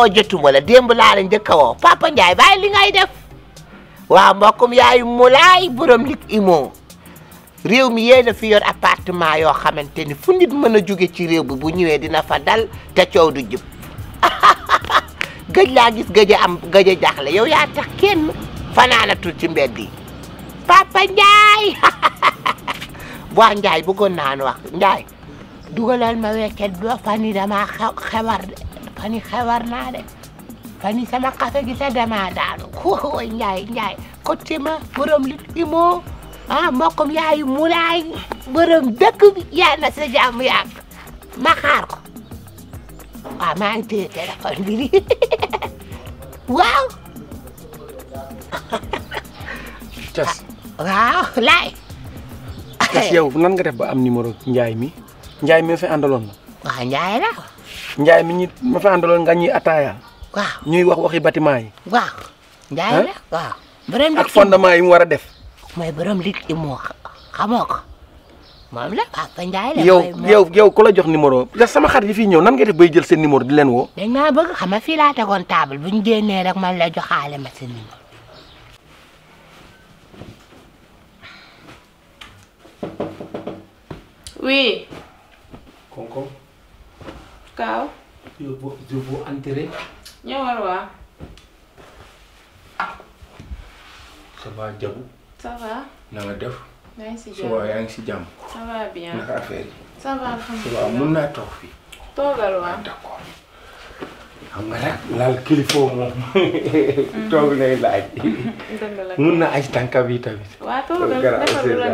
oo jotuma la démb laa la njëkk a woo Papa Ndiaye bàyyi li ngay def waaw mbokkum yaayu mulaay borom lig imo réew mi yéen a fi yor appartement yoo xamante ni fu nit mën a jóge ci réew bi bu ñëwee dina fa dal te coow du jub gëj laa gis gëj a am gëj a jaaxle yow yaa tax kenn fanaanatul ci mbedd yi Papa Ndiaye waa Ndiaye bëggoon naa wax Ndiaye dugalal ma weccet doo fan yi damaa xewar de fani xewar naa de fani sama kafe gi sax dama daanu kooku Ndiaye Ndiaye côté ma borom li li moo ah mbokkum yaayu mulaay dëkk bi yal na sa jàmm ma xaar ko waaw maa ngi téye bi nii waaw. Cés. waaw laay. Cés yow nan nga def ba am numéro Ndiaye mi Ndiaye mi fi àndaloon la. waaw Ndiaye la. Njaay mi ñi ma fa andalon nga ñi ataya waaw ñuy wax waxi Wah yi waaw Njaay la waaw borom ak fondement yi mu wara def moy borom lit yi mo xamoko mom la ak Njaay la yow yow yow ko la jox numéro da sama xat yi fi ñew nan nga def bay jël seen numéro di len wo dañ ma bëgg xama fi la tagon table buñu génné rek man la joxale ma seen numéro Oui. Kaaw. waaw. ça va Diabou. ça va. na nga def. maa ngi si jàmm yaa ngi si jàmm. ça va bien naka affaire yi. mun naa toog fii. toogal waaw ah, d'accord. xam nga nag laal kilifa moom. toog lay laaj. mun na ay tànka bi tamit. waaw toogal defal lu la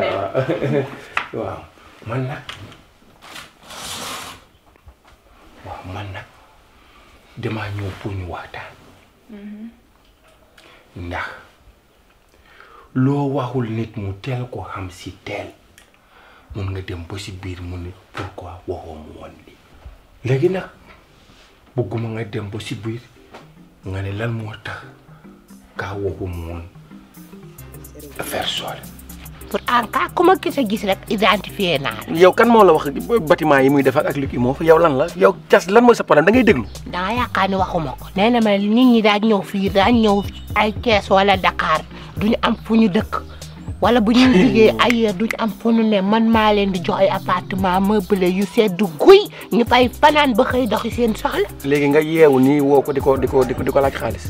waaw man nag. damaa ñëw pour ñu waxtaan ndax loo waxul nit mu teel ko am si teel mun nga dem ba si biir mu ne pourquoi waxoo woon li léegi nag bëgguma nga dem ba si biir nga ne lan moo tax kaa waxu woon affaire soole pour en cas ku ma gis gis rek identifié naa yow kan moo la wax bâtiment yi muy def ak Luc Imo yow lan la yow cas lan mooy sa problème da ngay déglu. da nga yaakaar ne waxuma ko ma nit ñi daañ ñëw fii daañ ñëw ay Thiès wala Dakar duñu am fu ñu wala bu ñuy liggéey ailleurs duñu am fu ñu ne man ma leen di jox ay appartement meublé yu sedd guy ñu fay fanaan ba xëy doxi seen soxla. léegi nga yeewu nii woo ko di ko di ko di ko laaj xaalis.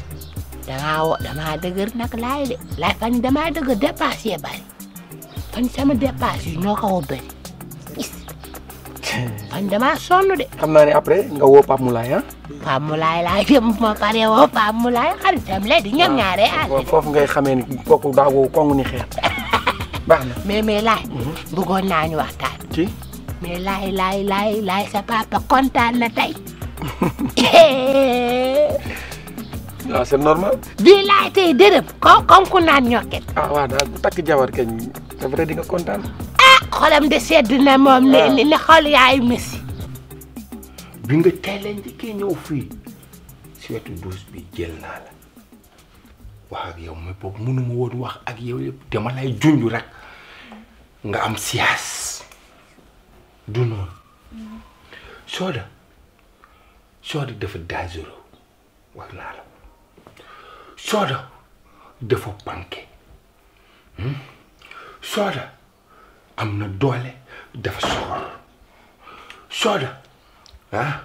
damaa woo damaa dëgër nag de laay fañ damaa dëgër dépassé bari fantama de paasi kan no nah, mhm. ka wobbere fandama sonno de kamnani après nga wo pammulay ha pammulay la dem ma pare wo pammulay xarit tam mulai? Kan ñam ñaare ah fofu ngay xamé ni koku da wo kongu ni xeer baxna mais mais laay bëggoon naa ñu waxtaan lai, lai, laay laay kontan nanti? sa papa normal bii laay tey dërëm comme ku naan ñokket ah wah, daal tak takk jabar c'est vrai di nga kontaan. ah xolam de sedd na moom. waaw ne ah. xol yaay Messi. bi nga teel a njëkkee ñëw fii si wetu douche bi jël naa la wax ak yow mais boobu mënu woon wax ak yow yëpp dama lay junj rek nga am siyaas du noonu. Soda Soda dafa dangereux wax naa la Soda dafa banqué. Hmm? Soda am na doole dafa soxor Soda ah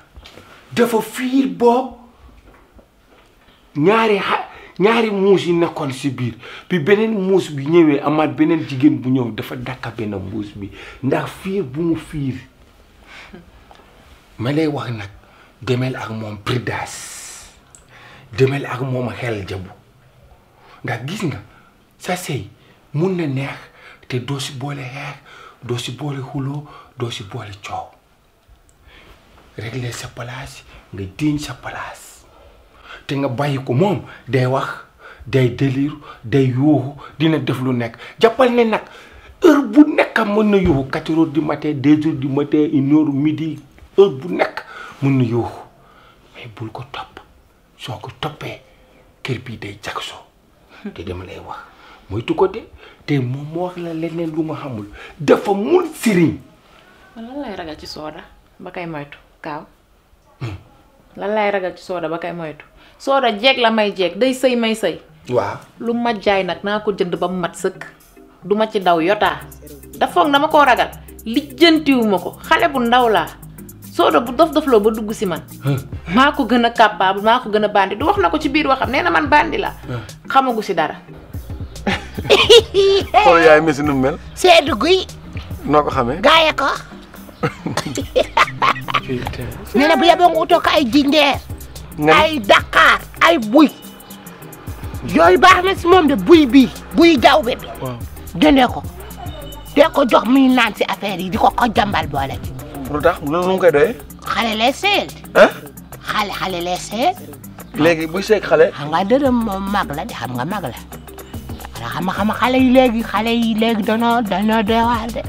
dafa fiir boobu ñaari xa ñaari muus yi nekkoon si biir bi beneen muus bi ñëwee amaat beneen jigéen bu ñëw dafa dakka benn muus bi ndax fiir bu mu fiir ma lay wax nag demel ak moom pridaas demel ak moom xel jabu ndax gis nga sa sëy mun na neex te doo si boole xeex doo si boole xuloo doo si boole coow régler sa place nga diiñ sa place te nga bàyyi ko moom day wax day délire day yuuxu dina def lu nekk jàppal ne nag heure bu nekk mën na yuuxu quatre heures du matin deux bu nekk mën na yuuxu bul ko topp soo ko toppee kër bi day jagsoo hmm. te dama lay wax moytu ko de te moom moo wax la leneen lu ma xamul dafa mun siriñ. lan lay ragal ci sooda ba kay moytu kaaw. Hmm. lan lay ragal ci sooda ba kay moytu sooda jeeg la may jeeg day sëy may sëy. waaw lu mat jaay nag naa ko jënd ba mu mat sëkk duma ci daw yotaa dafa foog dama koo ragal lijjantiwu ko xale bu ndaw laa sooda bu dof dofloo ba dugg si man. Hmm. maa ko gën a capable maa ko gën a bandi du wax na ko ci biir waxam nee na man bandi la hmm. xamagu si dara. xool yaay Messi nu mu mel. Seydou Guy. noo ko xamee. gaaye ko. ñu ne bu yeboo nga utoo ay jinjeer. ay Dakar ay buy. yooyu baax na si moom de buy bii buy jawbe bi. waaw jëndee ko. dee jox muy naan si affaire yi di ko ko jàmbal boole ci. lu tax loolu nu mu koy doyee. xale lay seel. xale xale lay seel. léegi buy seeg xale. xam nga dërëm moom mag la di xam nga mag la. voilà xam nga xam nga xale yi léegi xale yi léegi danoo danoo deewaar de.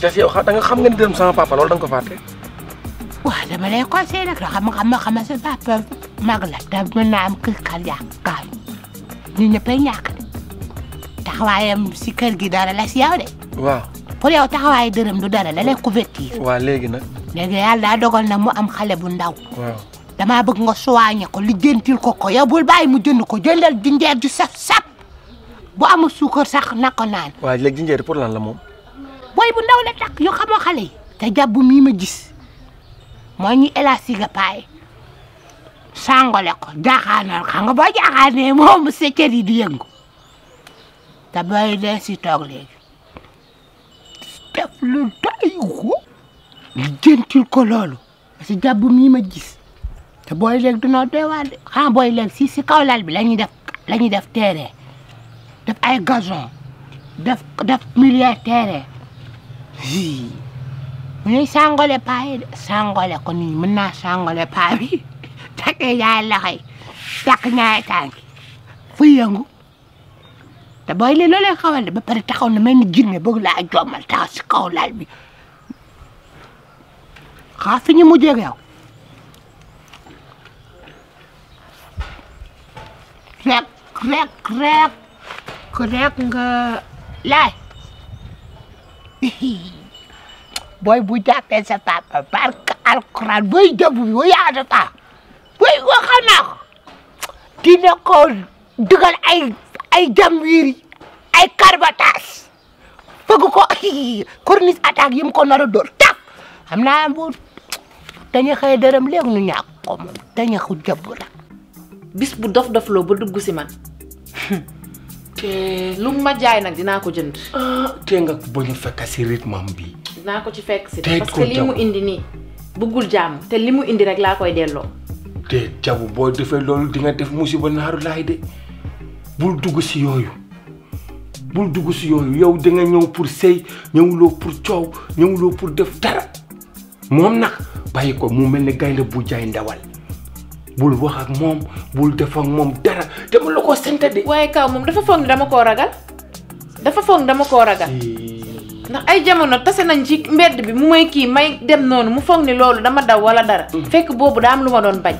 César yow da nga xam nga papa mag la te mën naa am kër kan yaa gaaw ñu ñëppay de taxawaayam si kër gi dara la si yow de. waaw pour yow dërëm du dara da lay couverture. waaw léegi nag. léegi yàlla daa dogal na mu am xale bu ndaw. dama bëgg nga soigné ko lijjantil ko ko ya bul bay mu jënd ko jëndal jinjeer ju saf saf bu amu suukar sax nako naan waaye léegi pour lan la mom boy bu ndaw la tak yoo xamoo xalé yi te jàbb mii ma gis mo ñi élasi ga pay sàngole ko jaaxaanal xam nga di yëngu ta bay si tok léegi def lu tay ko lijjantil ko lolu ci mi ma gis te booy léegi dunoo deewaat de xanaa booy léegi si si kaw lal bi la ñuy def la ñuy def terrain def ay gazon def def milieu mu ñuy sangole paa yi de sangole ko nii mën naa sangole paa bi takkee ñaari loxo yi takk ñaari tànk fu yëngu te booy léegi loo leen xawal de ba pare taxaw na mel ni jinne bëgg laa jommal taxaw si kaw lal bi xaa fi ñu mujjee yow krek krek krek nggak lah. Boy budak desa tak bar Al-Quran boy dah boy ada tak. Boy wakana, kana. Dina kau ay ay ay wiri ay karbatas. Fagu ko kornis atak yim ko naro Tak. Amna bu tanya xey deureum leg nu ñak ko jabura bis bu dof dof lo ba dugg ci te lu ma jaay nag dinaa ko jënd. Ah, te nga bañ a fekk si rythme am bi. dinaa ko ci fekk si parce que li mu indi nii bëggul jàmm te li mu indi rek laa koy delloo. te jabu boo defee loolu di nga def musiba naaru laay de bul dugg si yooyu bul dugg si yooyu yow da ñëw pour sëy ñëwuloo pour coow ñëwuloo pour def dara moom nag bàyyi ko mu mel ni gaynde bu jaay ndawal. bul wax ak moom bul def moom dara te mën la koo sente de. waaye kaw moom dafa foog ne dama koo ragal dafa foog ne dama koo ragal. ndax ay jamono tase nañ ci mbedd bi mu may kii may dem noonu mu foog ne loolu dama daw wala dara. Mm. fekk boobu daa am lu ma doon bañ.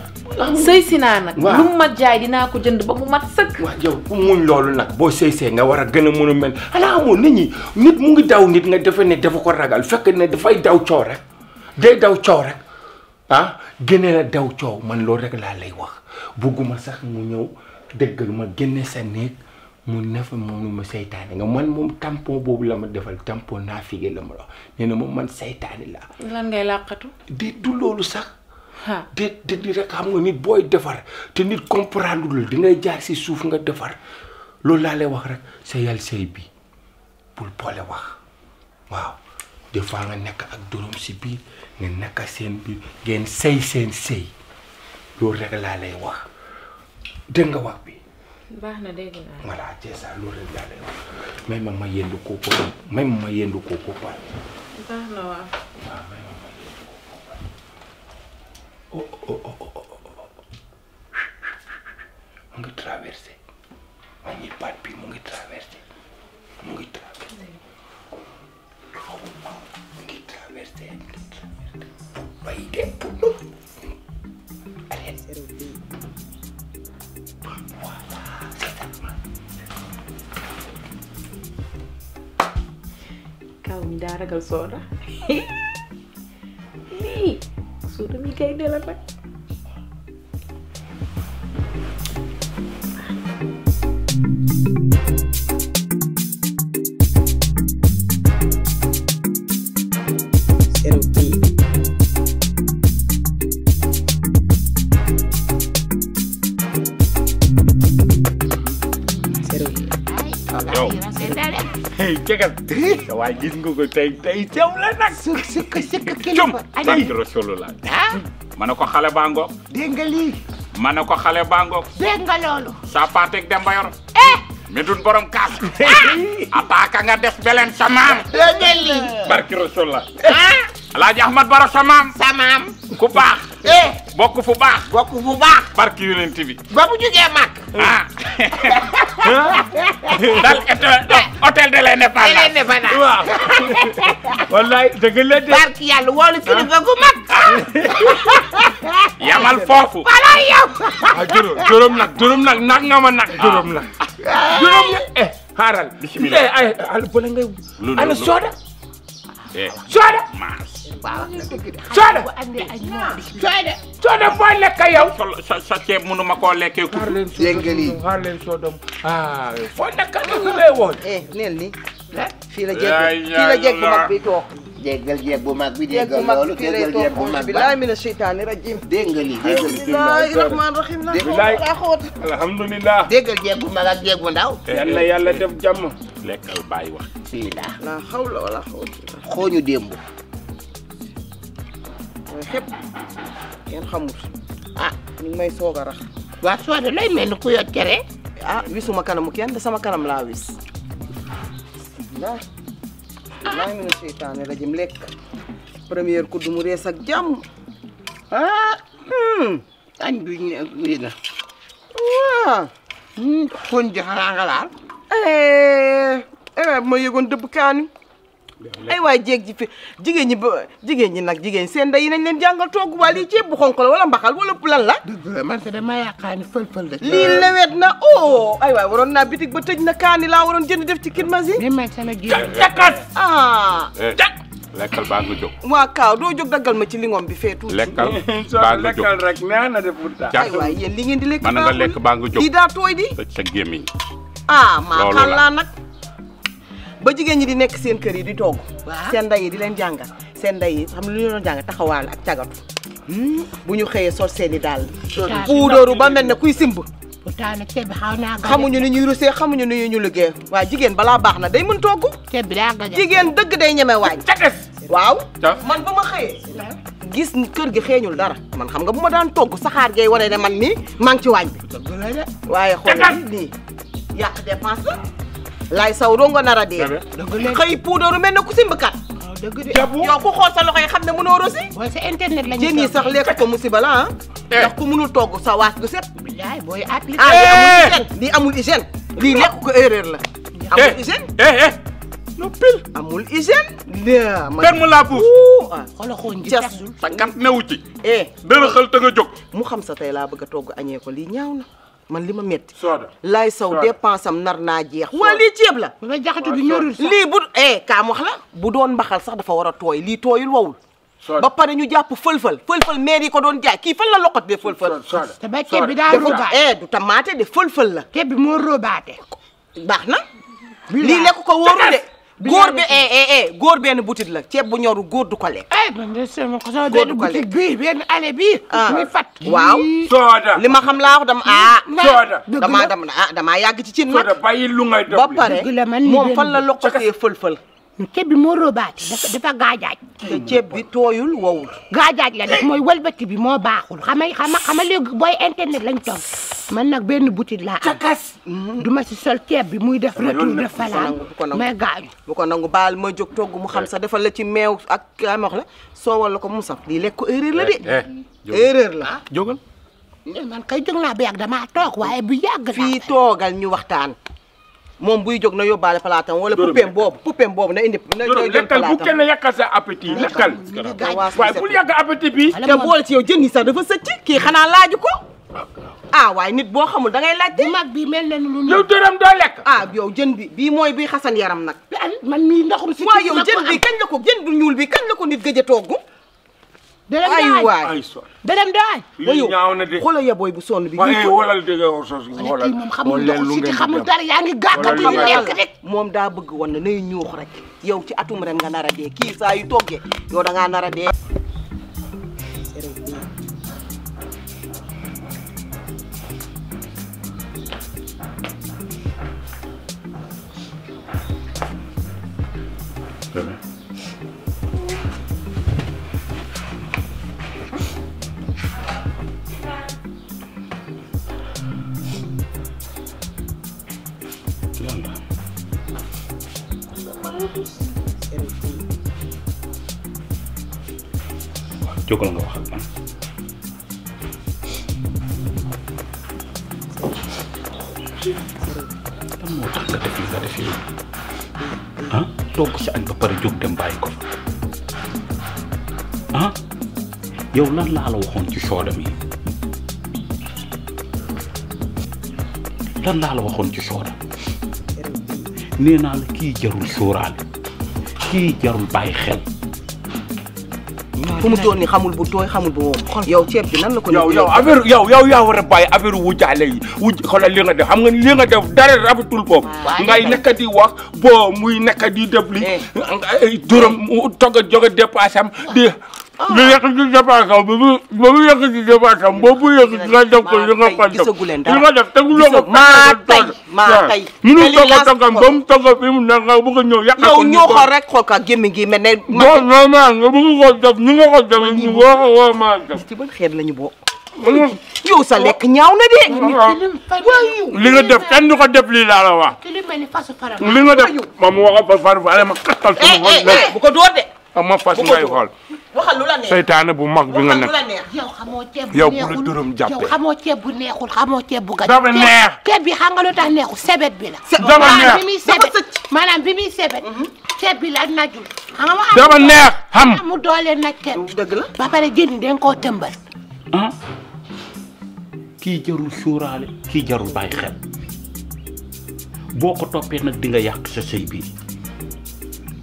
sëy si naa nag. lu mu mat jaay dinaa ko jënd ba mu mat sëkk. waaw yow ku muñ loolu nag boo sëy see nga war a gën a mën mel xanaa amoon nit ñi nit mu ngi daw nit nga defe ne dafa ko ragal fekk ne dafay daw coow rek day daw ah génne la daw coow man loolu rek laa lay wax bugguma sax mu ñëw dëggal ma génne sa néeg mu ne fa moom ma seytaane nga man moom tampon boobu la ma defal tampon naa figé la ma la nee na moom man seytaane la lan ngay làqatu di du loolu sax de di rek xam nga nit booy defar te nit comprendre lu dangay jaar si suuf nga defar loolu laa lay wax rek sa yàlla sëy bi bul boole wax waaw des fois nga nekk ak dorom si biir nga naka seen bi ngeen sëy seen sëy loolu rek laa lay wax dégg nga wax bi. baax na dégg naa. voilà c'est ça loolu rek laa lay wax may ma ma yëndu kooku may ma ma yëndu kooku baax na waaw. waaw ma ma yëndu kooku baax. Oh oh, oh, oh oh mu ma ñuy baat bi mu kepo lu kau mi daragal sooda Nih, sudah mi gaydel jegal sa waay gis nga ko tey tey teew la nag sëkk sëkk rasulullah ma ne ko xale baa ngoog dégg nga ma ne ko xale baa ngoog sa paatek dem ba yor eh mi dun nga des beleen sa maam la nga barki rasulullah alaaji ahmad baro sa maam ku baax ¡Eh! bokk fu baax. bokk fu baax. barke yonent bi. ba jugee màkk. ah. daal hôtel de l'Indépendance. de l'Indépendance waaw. wallaay dëgg la de. barke yàlla wóolu ah. kilifa gu mag. Ah. yamal foofu. wala yow. ah nag juróom nag nag nga ma nag. Ah. juróom nag. juróom nag eh xaaral. bisimilah eh, sooda. Sooda. waaw Sooda. Sooda. Sooda sa ceeb mënu ma koo lekkee ku. yëngal yi xaar leen Soodam xaar leen Soodam. jéggal jéeg bu mag bi déggal loolu jéggal jéeg bu mag bi bilaay mina seytaani rajim dégg nga lii dégg nga bilaay rahmaan rahim la laa xoot alhamdulilah déggal jéeg bu mag ak jéeg bu ndaw eh, yal na yàlla def jàmm lekkal bàyyi wax fii laa laa la wala xaw xooñu démb xëpp ah ñu may soog a rax waa lay mel ni ku yor cere ah wisuma kanamu kenn da sama kanam laa wis billahi mina seytaani rajim lekk première kudd mu rees ak jàmm ah hmm, añ bi ñu lii na waaw hmm, koñ ji xanaa nga laal eh eh ma dëbb kaani ay waay jéeg ji fi jigéen ñi ba jigéen ñi nag jigéen seen yi nañ leen jàngal togg waa lii ceeb bu xonk la wala mbaxal wala lan la. dëgg la man de damaa yaakaar fël-fël la. lii lewet na oh ay waay waroon naa bitig ba tëj na kaani laa waroon jënd def ci kirmas yi. mais man sama génn. jakkat ah eh, jak. lekkal baa nga jóg. waa Kaaw doo jóg daggal ma ci lingom bi fee tuuti. lekkal baa nga jóg rek neex na de pourtant. li ngeen di lekk na nga lekk baa nga jóg. lii daa tooy di. sa gémmiñ. ah maa xam laa nag ba jigéen ñi di nekk seen kër yi di togg. seen ndey yi di leen jàngal seen ndey yi xam lu ñu taxawaal ak cagatu. Hmm? bu ñu xëyee sol seen i daal. puudooru ba mel ne kuy simb. pourtant nag ceeb bi xaw naa gaje xamuñu ni ñuy rusee xamuñu ni ñu liggéey waaw jigéen balaa baax na day mën togg. ceeb bi daa gaje jigéen dëgg day ñeme waañ. waaw man ba ma xëyee. gis kër gi xeeñul dara man xam nga bu ma daan togg saxaar gay wane ne man nii maa ci waañ bi. waaye xool nii yàq lay saw rongo nar a dee xëy puudaru mel na ku simb kat dëgg de yow ku xool sa loxey xamne mu no rosi booy sa internet lañu jeni sax lekk ko musiba la ndax ko munul togg sa waas gu set bilaay booy appliqué ah amul hygiène lii lekk ko erreur la amul hygiène eh eh no pil amul hygiène la ma kan mu laa puus xolo xoon ji tasul sa kat newu eh dana xël te nga jóg mu xam sa tey laa bëgg togg añee ko lii ñaaw na man li ma métti. laay saw dépense am nar naa jeex. waa lii ceeb la. nga jaxatu bi ñorul lii bu eh kaam wax la. bu doon mbaxal sax dafa war a tooy lii tooyul wowul. ba pare ñu jàpp fël-fël fël-fël yi ko doon jaay kii fan la loqat de fël-fël. te ba ceeb bi daa roobaate eh, du tamaate de fël-fël la. ceeb bi moo roobaate. baax na. lii lekk ko wóoru de. góor bi eh, eh eh góor benn boutique la ceeb bu ñoru góor du ko lekk. ay eh, man ko sama benn boutique bii benn allée ah. waaw. li ma xam laa wax dama ah. sooda dama dama ah damaa yàgg ci cin nag. sooda bàyyi lu ma def ba pare moom fan la loqotee fël fël. ceeb bi moo roobaati dafa dafa gaajaaj. te ceeb bi tooyul wowul. gaajaaj la def mooy walbati bi moo baaxul xamay xama xama léegi booy internet lañ toog man nag benn boutique laa am. cakas du si sol ceeb bi muy def retour de falan may gaañu. bu ko nangu baal ma jóg togg mu xam eh. sa defal la ci meew ak amox la soowal la ko mu saf lii lekk ko erreur la de. Eh, eh, erreur la jógal. man kay jóg naa ba yàgg damaa toog waaye bu yàgg. fii toogal ñu waxtaan. moom buy jóg na yóbbaale palaatam wala poupeem boobu poupeem boobu na indi na jël lekkal bu kenn yàqal sa appétit lekkal waaye bul yàq appétit bi te boole ci yow jën yi sax dafa sëcc kii xanaa laaju ko ah waaye nit boo xamul dangay laaj bu mag bi mel leen lu yow dërëm doo lekk ah yow jën bi bii mooy bi xasan yaram nag man mii ndaxum si waaw yow jën bi kañ la ko jën bu ñuul bi kañ la ko nit gëj a togg ay waay dërëm daay. lii ñaaw ya booy bu sonn bi. waaye xoolal dégg nga xoolal xoolal moom xamul ndox si xamul dara yaa ngi gàkkal di nekk rek. moom daa bëgg woon na nay ñuux rek yow ci atum ren nga nar a dee kii saa yu toggee yow da ngaa nar a dee. lan moo tax nga def si ah? añ ba pare jóg dem bàyyi ko ah yow lan laa la waxoon ci soodam yi la waxoon ci soodam nee naa la kii jarul sóoraale kii jarul bàyyi xel. fu mu toll nii xamul bu tooy xamul bu woom yow ceeb bi nan na ko yow yow affaire yow yow yaa war a bàyyi affaire wujaale yi wuj xoolal li nga def xam nga li nga def dara rafetul boobu ngay nekk di wax boo muy nekk di def li dërëm eh. togg a jóg a dépassé am di lu yàq ci jabaakam ba mu ba mu yàq ci jabaakam boobu yàq ci nga def ko li nga ko def li nga def teguloo ko maa tey maa tey mënu toog a toggam ba mu togg fi mu ne nga bëgg a ko ñoo ka gémmi gi ne non non maa nga bëgg ko def ni nga ko def ñu woo woo maa def ci ban sa lekk ñaaw na de li nga def kenn ko def lii laa la wax li nga def ma mu wax a far far ma kattal sama bu ko de Ah, ma fas ngay xool. waxal lu la neex seytaane bu mag bi nga nekk. yow xamoo ceeb bu neexul yow bu la dërëm jàppee. yow xamoo ceeb bu neexul xamoo ceeb bu gàcce. dafa neex ceeb bi xam nga lu tax neexul sebet bi la. dafa neex maanaam bi muy sebet mhm. ceeb bi la najul. xam nga dafa neex xam mu doole naj ceeb. dëgg la ba pare jën yi dañ koo tëmbal. Ah. kii jarul suuraale kii jarul bàyyi xel boo ko toppee nag di nga yàq sa sëy bi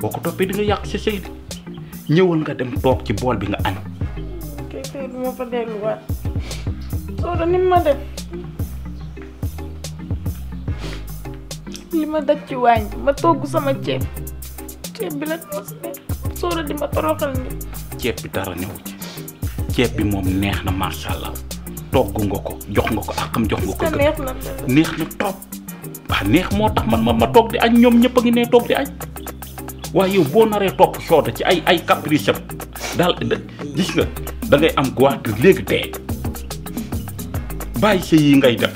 boo ko toppee di nga yàq sa sëy bi. ñëwal nga dem toog ci bool bi nga an kay du ma fa delluwaat ni ma def ma daj sama ceeb ceeb bi la di ma toroxal ni ceeb bi dara ci ceeb bi moom neex na macha allah togg nga ko jox nga ko akam jox nga ko neex na neex na waaye yow boo naree topp sooda ci ay ay caprice daal gis nga da ngay am goitre léegi dee bàyyi sa yi ngay def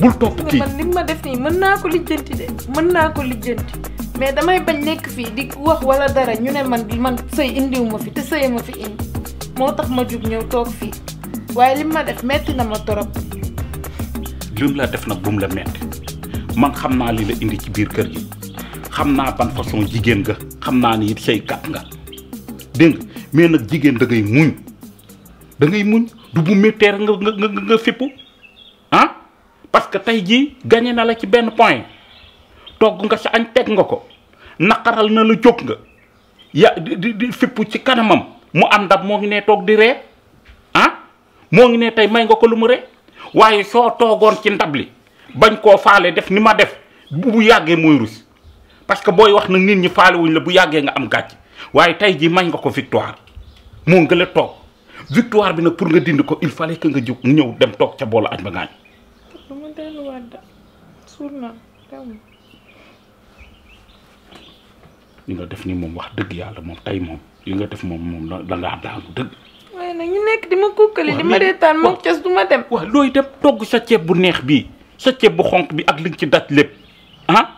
bul topp kii man li ma def nii mën naa ko lijjanti de mën naa ko lijjanti mais damay bañ nekk fii di wax walla dara ñu ne man man sëy indiwu ma fi te sëy ma fi indi moo tax ma jug ñëw toog fii waaye li ma def metti na ma torop lim la def nag bu mu la metti man xam naa li la indi ci biir kër gi xamna naa ban façon jigen nga xamna ni it kat nga deng mais nak jigen da ngay muñ da ngay muñ du bu méttee nga nga nga fepu ah parce que tay ji gagné na la ci ben point togg nga sa agne tek nga ko nakaral na la jog nga ya di di fepu ci kanamam mu andab mo ngi ne toog di re ah mo ngi ne tay may nga ko lu mu ree waye so togon ci ndabli li bañ faale def ni ma def bu bu moy russe rus parce que booy wax nag nit ñi faalewuñ la bu yàggee nga am gàcc waaye tey jii may nga ko victoire moo nga la toog victoire bi nag pour nga dindi ko il fallait nga jóg ñëw dem toog ca boolu añ ba ngaañ. dama def ni moom wax dëgg yàlla moom tey moom li nga def moom moom da ngaa daanu dëgg. waaye nag ñu togg sa ceeb bu neex bi sa ceeb bu xonq bi ak li ci daj lépp ah?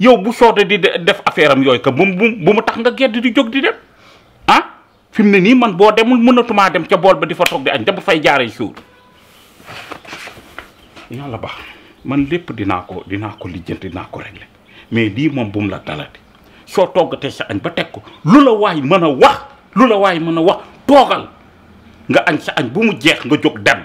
yow bu soodee di def affaire am yooyu que bu bu mu tax nga gedd di jóg di dem ah fi mu ne nii man boo demul mënatumaa dem ca bool ba di fa toog di añ te bu fay jaaree suur yàlla ba man lépp dinaa ko dinaa ko lijjanti dinaa ko régler mais lii moom bu mu la dalati soo te sa añ ba teg ko lu la waay mën a wax lu la waay mën a wax toogal nga añ sa añ bu mu jeex nga jóg dem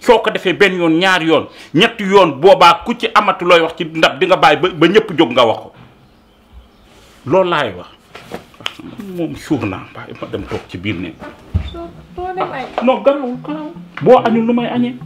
soo ko defee benn yoon ñaari yoon ñetti yoon boobaa ku ci amatu looy wax ci ndax di nga bàyyi ba ba ñëpp jóg nga wax ko loolu laay wax moom suur naa bàyyi dem toog ci biir ne non garawul garaw boo añul lu may añee